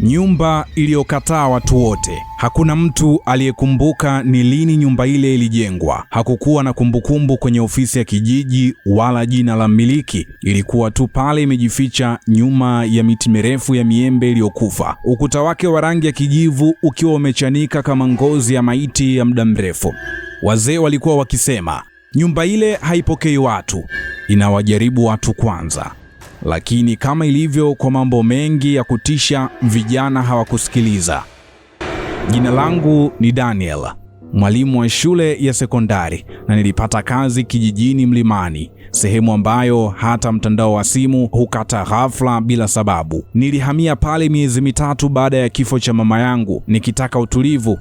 nyumba iliyokataa watu wote. Hakuna mtu aliyekumbuka ni lini nyumba ile ilijengwa. Hakukuwa na kumbukumbu kwenye ofisi ya kijiji wala jina la mmiliki. Ilikuwa tu pale imejificha nyuma ya miti mirefu ya miembe iliyokufa, ukuta wake wa rangi ya kijivu ukiwa umechanika kama ngozi ya maiti ya muda mrefu. Wazee walikuwa wakisema, nyumba ile haipokei watu, inawajaribu watu kwanza lakini kama ilivyo kwa mambo mengi ya kutisha, vijana hawakusikiliza. Jina langu ni Daniel, mwalimu wa shule ya sekondari na nilipata kazi kijijini Mlimani, sehemu ambayo hata mtandao wa simu hukata ghafla bila sababu. Nilihamia pale miezi mitatu baada ya kifo cha mama yangu, nikitaka utulivu,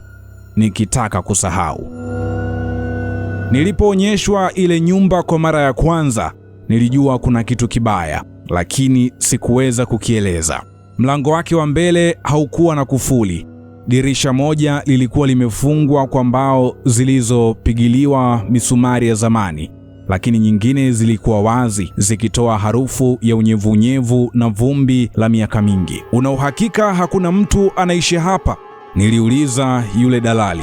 nikitaka kusahau. Nilipoonyeshwa ile nyumba kwa mara ya kwanza, nilijua kuna kitu kibaya lakini sikuweza kukieleza. Mlango wake wa mbele haukuwa na kufuli. Dirisha moja lilikuwa limefungwa kwa mbao zilizopigiliwa misumari ya zamani, lakini nyingine zilikuwa wazi zikitoa harufu ya unyevunyevu na vumbi la miaka mingi. Una uhakika hakuna mtu anaishi hapa? Niliuliza yule dalali.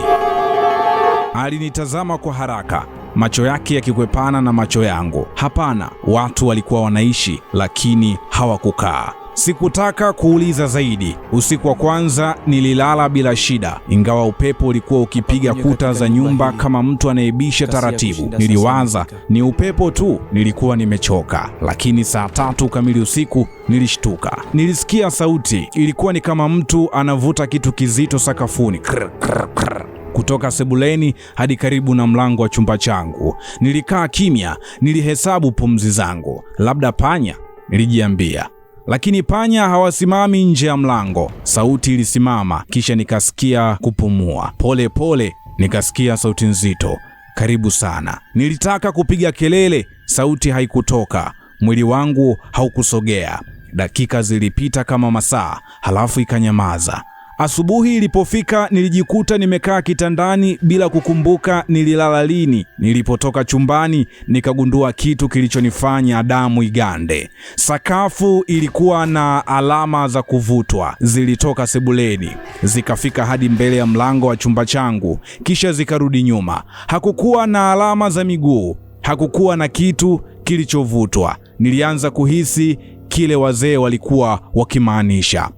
Alinitazama kwa haraka macho yake yakikwepana na macho yangu. Hapana, watu walikuwa wanaishi, lakini hawakukaa. Sikutaka kuuliza zaidi. Usiku wa kwanza nililala bila shida, ingawa upepo ulikuwa ukipiga kuta za nyumba kama mtu anayebisha taratibu. Niliwaza ni upepo tu, nilikuwa nimechoka. Lakini saa tatu kamili usiku nilishtuka. Nilisikia sauti, ilikuwa ni kama mtu anavuta kitu kizito sakafuni. Krr, krr, krr kutoka sebuleni hadi karibu na mlango wa chumba changu. Nilikaa kimya, nilihesabu pumzi zangu, labda panya, nilijiambia. Lakini panya hawasimami nje ya mlango. Sauti ilisimama, kisha nikasikia kupumua pole pole, nikasikia sauti nzito, karibu sana. Nilitaka kupiga kelele, sauti haikutoka, mwili wangu haukusogea. Dakika zilipita kama masaa, halafu ikanyamaza. Asubuhi ilipofika nilijikuta nimekaa kitandani bila kukumbuka nililala lini. Nilipotoka chumbani nikagundua kitu kilichonifanya damu igande. Sakafu ilikuwa na alama za kuvutwa, zilitoka sebuleni zikafika hadi mbele ya mlango wa chumba changu, kisha zikarudi nyuma. Hakukuwa na alama za miguu, hakukuwa na kitu kilichovutwa. Nilianza kuhisi kile wazee walikuwa wakimaanisha.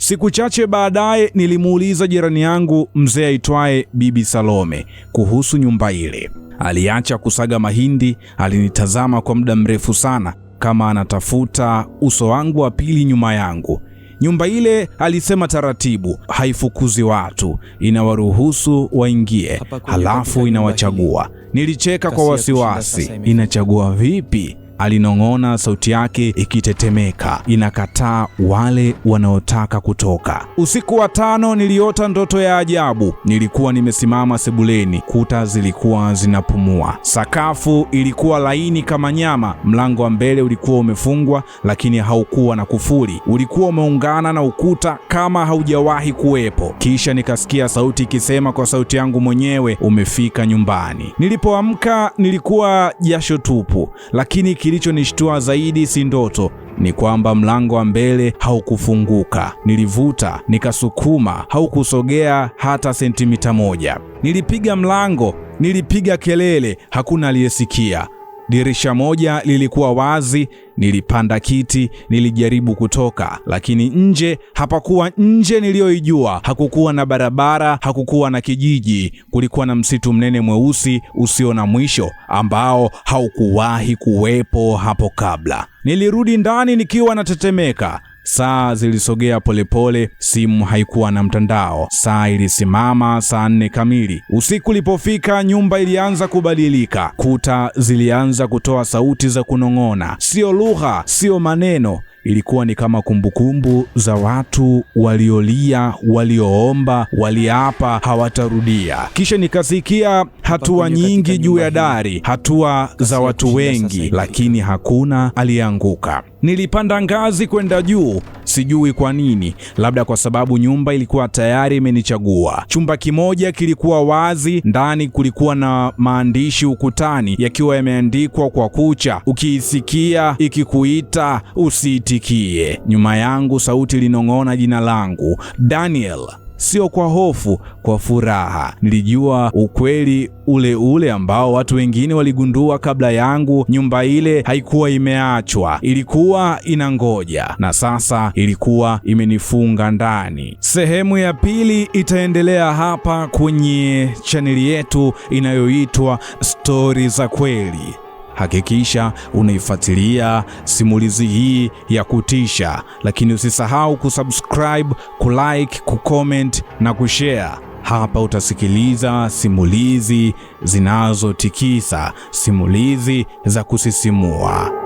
Siku chache baadaye nilimuuliza jirani yangu mzee aitwaye Bibi Salome kuhusu nyumba ile. Aliacha kusaga mahindi, alinitazama kwa muda mrefu sana kama anatafuta uso wangu wa pili nyuma yangu. Nyumba ile, alisema taratibu, haifukuzi watu, inawaruhusu waingie, halafu inawachagua. Nilicheka kwa wasiwasi, inachagua vipi? alinong'ona, sauti yake ikitetemeka, inakataa wale wanaotaka kutoka. Usiku wa tano, niliota ndoto ya ajabu. Nilikuwa nimesimama sebuleni, kuta zilikuwa zinapumua, sakafu ilikuwa laini kama nyama, mlango wa mbele ulikuwa umefungwa, lakini haukuwa na kufuli, ulikuwa umeungana na ukuta kama haujawahi kuwepo. Kisha nikasikia sauti ikisema kwa sauti yangu mwenyewe, umefika nyumbani. Nilipoamka nilikuwa jasho tupu, lakini Kilichonishtua zaidi si ndoto, ni kwamba mlango wa mbele haukufunguka. Nilivuta, nikasukuma, haukusogea hata sentimita moja. Nilipiga mlango, nilipiga kelele, hakuna aliyesikia. Dirisha moja lilikuwa wazi, nilipanda kiti, nilijaribu kutoka, lakini nje hapakuwa nje niliyoijua. Hakukuwa na barabara, hakukuwa na kijiji, kulikuwa na msitu mnene mweusi usio na mwisho ambao haukuwahi kuwepo hapo kabla. Nilirudi ndani nikiwa natetemeka. Saa zilisogea polepole, simu haikuwa na mtandao. Saa ilisimama saa nne kamili usiku. Ulipofika, nyumba ilianza kubadilika. Kuta zilianza kutoa sauti za kunong'ona, sio lugha, sio maneno ilikuwa ni kama kumbukumbu za watu waliolia, walioomba, waliapa hawatarudia. Kisha nikasikia hatua nyingi juu ya dari, hatua za watu wengi, lakini hakuna aliyeanguka. Nilipanda ngazi kwenda juu Sijui kwa nini, labda kwa sababu nyumba ilikuwa tayari imenichagua. Chumba kimoja kilikuwa wazi, ndani kulikuwa na maandishi ukutani yakiwa yameandikwa kwa kucha: ukiisikia ikikuita usiitikie. Nyuma yangu sauti linong'ona jina langu, Daniel sio kwa hofu, kwa furaha. Nilijua ukweli ule ule ambao watu wengine waligundua kabla yangu. Nyumba ile haikuwa imeachwa, ilikuwa inangoja, na sasa ilikuwa imenifunga ndani. Sehemu ya pili itaendelea hapa kwenye chaneli yetu inayoitwa Stori za Kweli. Hakikisha unaifuatilia simulizi hii ya kutisha, lakini usisahau kusubscribe, kulike, kucomment na kushare. Hapa utasikiliza simulizi zinazotikisa, simulizi za kusisimua.